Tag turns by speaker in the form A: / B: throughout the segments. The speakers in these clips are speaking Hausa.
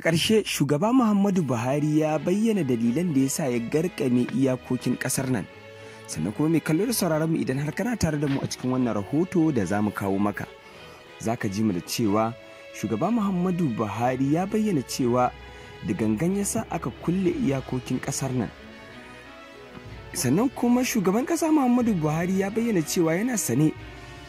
A: a ƙarshe shugaba muhammadu buhari ya bayyana dalilan da ya sa ya garkame iyakokin ƙasar nan sannan kuma mai kallo da sauraron mu idan har kana tare da mu a cikin wannan rahoto da za mu kawo maka za ka ji mu da cewa shugaba muhammadu buhari ya bayyana cewa da gangan ya sa aka kulle iyakokin ƙasar nan sannan kuma shugaban ƙasa muhammadu buhari ya bayyana cewa yana sane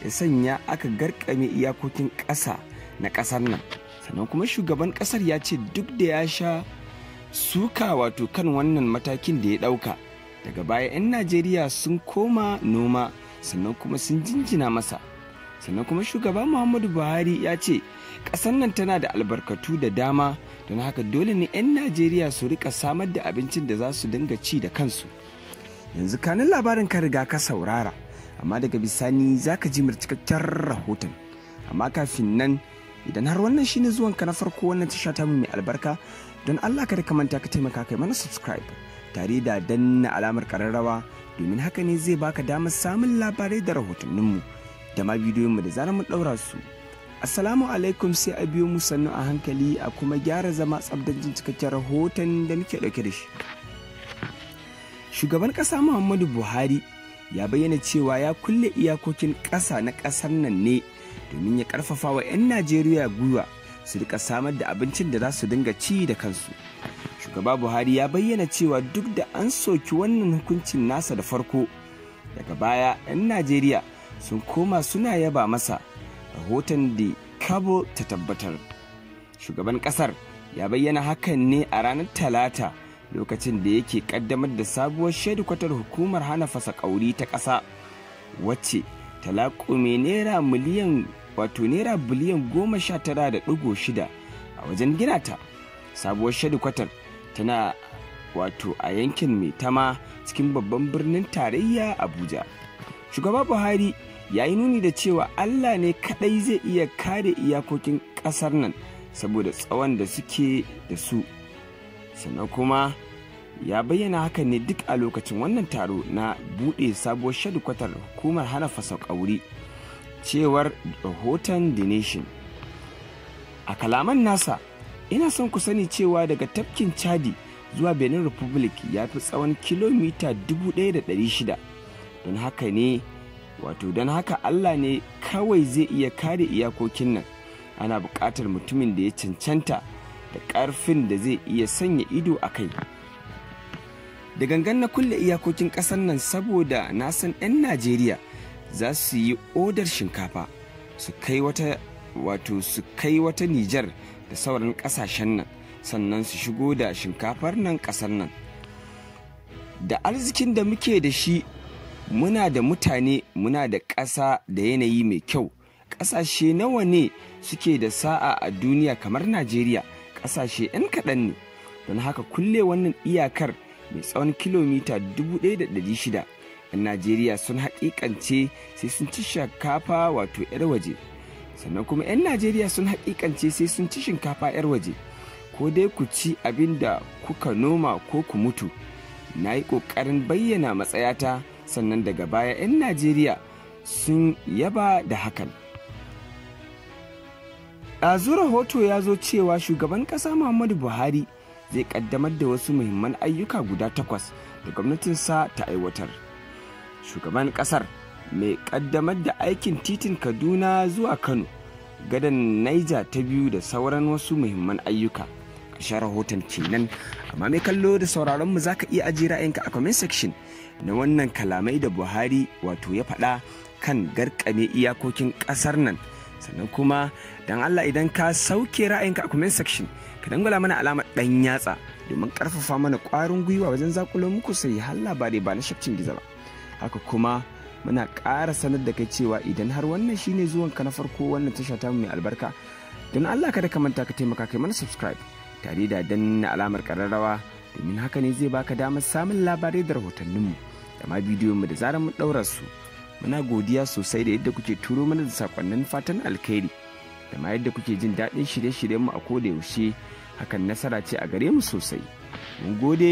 A: ya sanya aka garkame iyakokin ƙasa na ƙasar nan sannan kuma shugaban kasar ya ce duk da ya sha suka wato kan wannan matakin da ya dauka daga baya 'yan najeriya sun koma noma sannan kuma sun jinjina masa sannan kuma shugaba muhammadu buhari ya ce ƙasar nan tana da albarkatu da dama don haka dole ne 'yan najeriya su rika samar da abincin da za su dinga ci da kansu yanzu kanin labarin ka riga ka saurara amma daga bisani za ka ji cikakken rahoton amma kafin nan idan har wannan shine zuwan ka na farko wannan tasha ta mai albarka don Allah kada ka manta ka taimaka kai mana subscribe tare da danna alamar kararrawa domin haka ne zai baka damar samun labarai da mu da ma mu da zarar mu daura su assalamu alaikum sai a biyo mu sannu a hankali a kuma gyara zama tsabdan jin cikakken rahoton da muke dauke da shi shugaban kasa muhammadu buhari ya bayyana cewa ya kulle iyakokin ƙasa na ƙasar nan ne domin ya karfafa wa 'yan najeriya gwiwa su rika samar da abincin da za su dinga ci da kansu shugaba buhari ya bayyana cewa duk da an soki wannan hukuncin nasa da farko daga baya 'yan najeriya sun koma suna yaba masa rahoton da kabo ta tabbatar shugaban ƙasar ya bayyana hakan ne a ranar talata lokacin da yake kaddamar da sabuwar shaidukwatar hukumar hana fasa ƙauri ta ƙasa wacce ta mai naira miliyan wato naira biliyan goma sha tara da ɗigo shida a wajen gina ta sabuwar shadikwatar tana wato a yankin mai tama cikin babban birnin tarayya abuja shugaba buhari ya yi nuni da cewa allah ne kadai zai iya kare iyakokin ƙasar nan saboda tsawon da suke da su sannan kuma ya bayyana hakan ne duk a lokacin wannan taro na buɗe sabuwar shadikwatar hukumar hana fasa fasaukauri cewar rahoton the nation a kalaman nasa ina son ku sani cewa daga tafkin chadi zuwa benin republic ya fi tsawon kilomita 1,600 don haka ne wato don haka allah ne kawai zai iya kare iyakokin nan ana buƙatar mutumin da ya cancanta da ƙarfin da zai iya sanya ido a kai da gangan na kulle iyakokin ƙasar nan saboda nasan 'yan najeriya za su yi odar shinkafa su kai wata wato su kai wata Nijar da sauran ƙasashen nan sannan su shigo da shinkafar nan ƙasar nan da arzikin da muke da shi muna da mutane muna da ƙasa da yanayi mai kyau ƙasashe nawa ne suke da sa'a a duniya kamar najeriya ƙasashe 'yan kaɗan ne don haka kulle wannan iyakar mai tsawon kilomita 1600 'yan najeriya sun haƙiƙance sai sun ci shinkafa wato 'yar waje sannan kuma 'yan najeriya sun haƙiƙance sai sun ci shinkafa 'yar waje ko dai ku ci abin da kuka noma ko ku mutu na yi ƙoƙarin bayyana matsayata sannan daga baya 'yan najeriya sun yaba da hakan ɗazu rahoto ya zo cewa shugaban ƙasa muhammadu buhari zai ƙaddamar da wasu muhimman ayyuka guda takwas da gwamnatinsa ta aiwatar shugaban kasar mai kaddamar da aikin titin kaduna zuwa kano gadan naija ta biyu da sauran wasu muhimman ayyuka ƙarshen rahoton kenan amma mai kallo da sauraron mu zaka iya ajiye ra'ayinka a comment section na wannan kalamai da buhari wato ya faɗa kan garkame iyakokin ƙasar nan sannan kuma don allah idan ka sauke ra'ayinka a comment section ka dangwala mana alamar ɗan yatsa domin ƙarfafa mana ƙwarin gwiwa wajen zakulo muku sai har ba na shafcin giza ba haka kuma muna ƙara sanar da kai cewa idan har wannan shi shine zuwanka na farko wannan tasha ta mai albarka don Allah kada ka manta ka taimaka kai mana subscribe tare da danna alamar ƙararrawa domin haka ne zai baka damar samun labarai da rahotanninmu da ma mu da zarar mun ɗaura su muna godiya sosai da yadda kuke turo mana da sakonnin fatan alkhairi da ma yadda kuke jin daɗin shirye-shiryenmu a ko da yaushe hakan nasara ce a gare mu sosai mun gode